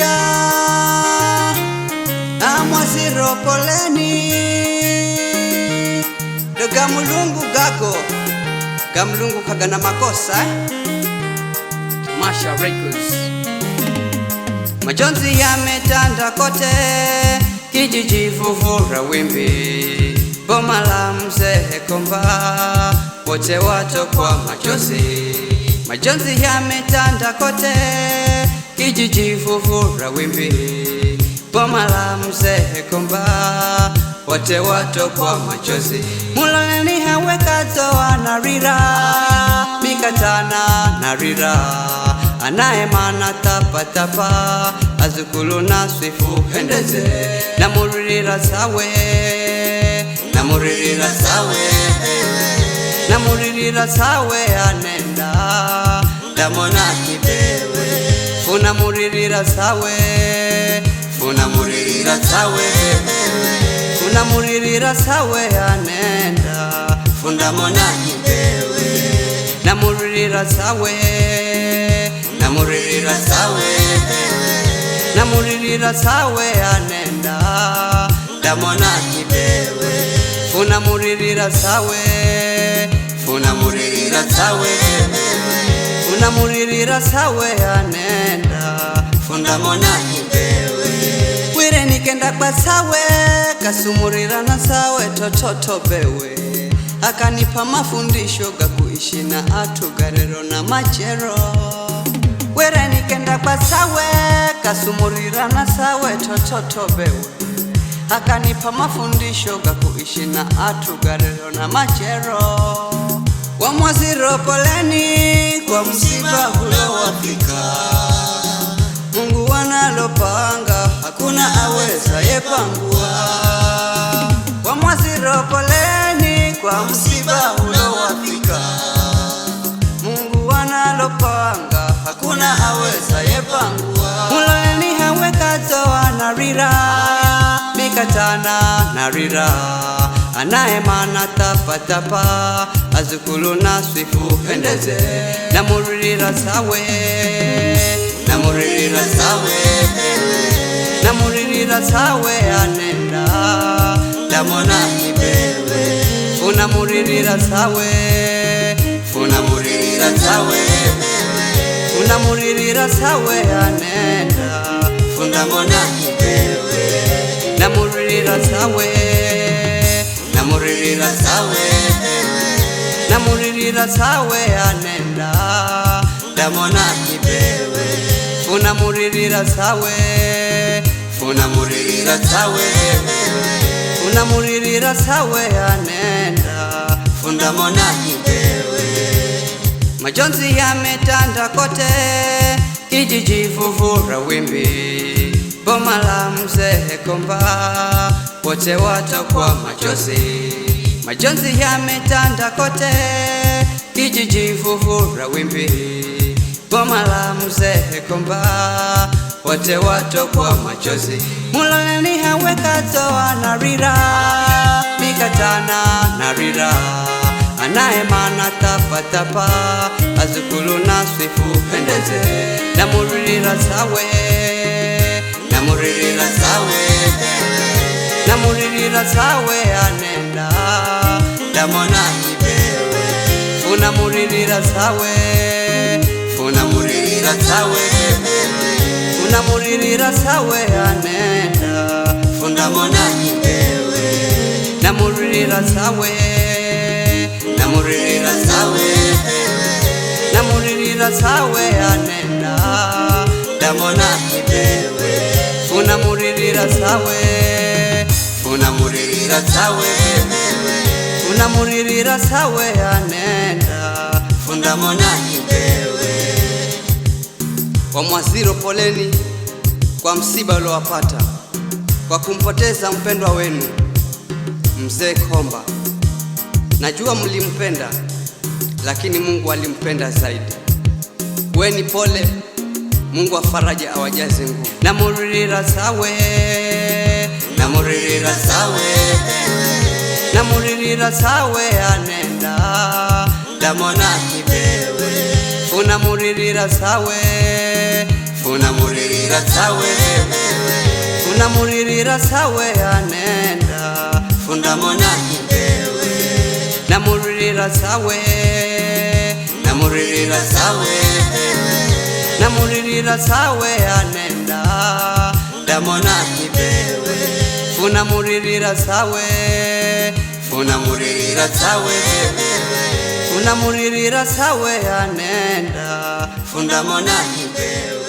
haya namwasiro poleni ndo gamulungu gako gamulungu kagana makosa Masha Records majonzi yametanda kote kijiji vuvura wimbi boma la mzee Komba wote watokwa machozi majonzi yametanda kote kijiji fufura wimbi boma la mzee Komba, wote watokwa machozi. Mulaleni hawe kato anarira, mikatana narira, anaemana tapatapa azukulu na swifu hendeze namuririra sawe namuririra sawe namuririra sawe anenda damona kibewe funa muririra sawe funa muririra sawe funa muririra sawe anenda funda mona fundamonani na muririra sawe na muririra sawe na muririra sawe anenda funda mona ndamonani funa muririra sawe funa muririra sawe funa muririra sawe anenda ngamona imbewe wire nikenda kwa sawe Kasumurira na sawe tototo bewe akanipa mafundisho gakuishi na atu garero na machero wire nikenda kwa sawe Kasumurira na sawe tototo bewe akanipa mafundisho gakuishi na atu garero na machero mwaziro poleni kwa msiba hulo wafika ninalopanga hakuna aweza yepangua. Kwa mwaziro poleni, kwa msiba ulowafika. Mungu analopanga hakuna awezaye pangua. Muloleni hawekatoa narira mikatana narira anaemana tapatapa azukulu na swifu pendeze na namururira sawe namuririra sawe namuririra sawe anenda ndamona ibewe unamuririra sawe unamuririra sawe unamuririra sawe anenda fundamona ibewe namuririra sawe namuririra sawe namuririra sawe anenda ndamona ibewe funa muririra sawe funa muririra sawe funa muririra sawe anenda funda mona hibewe majonzi yametanda kote kijiji fufura wimbi boma la mzee Komba wote watakwa machozi majonzi yametanda kote kijiji fufura wimbi Ngoma la mzee Komba wote wato kwa machozi, Mulaleni haweka toa na rira mikatana na rira anaemana tapatapa azukulu na swifu pendeze namuririra sawe namuririra sawe namuririra sawe anenda damona ibewe unamuririra sawe unamuririra sawe unamuririra sawe anenda fundamona imbewe namuririra sawe namuririra sawe namuririra sawe anenda ndamona imbewe unamuririra sawe unamuririra sawe unamuririra sawe anenda fundamona imbewe wa Mwaziro, poleni kwa msiba uliowapata kwa kumpoteza mpendwa wenu mzee Komba. Najua mlimpenda, lakini Mungu alimpenda zaidi. Weni pole, Mungu wa faraja awajaze nguvu. Namuririra sawe, namuririra sawe, namuririra sawe anenda damona kibewe, unamuririra sawe unamuririra sawe unamuririra sawe anenda fundamona imbewe namuririra sawe namuririra sawe namuririra sawe anenda ndamona imbewe funamuririra sawe funamuririra sawe funamuririra sawe anenda fundamona imbewe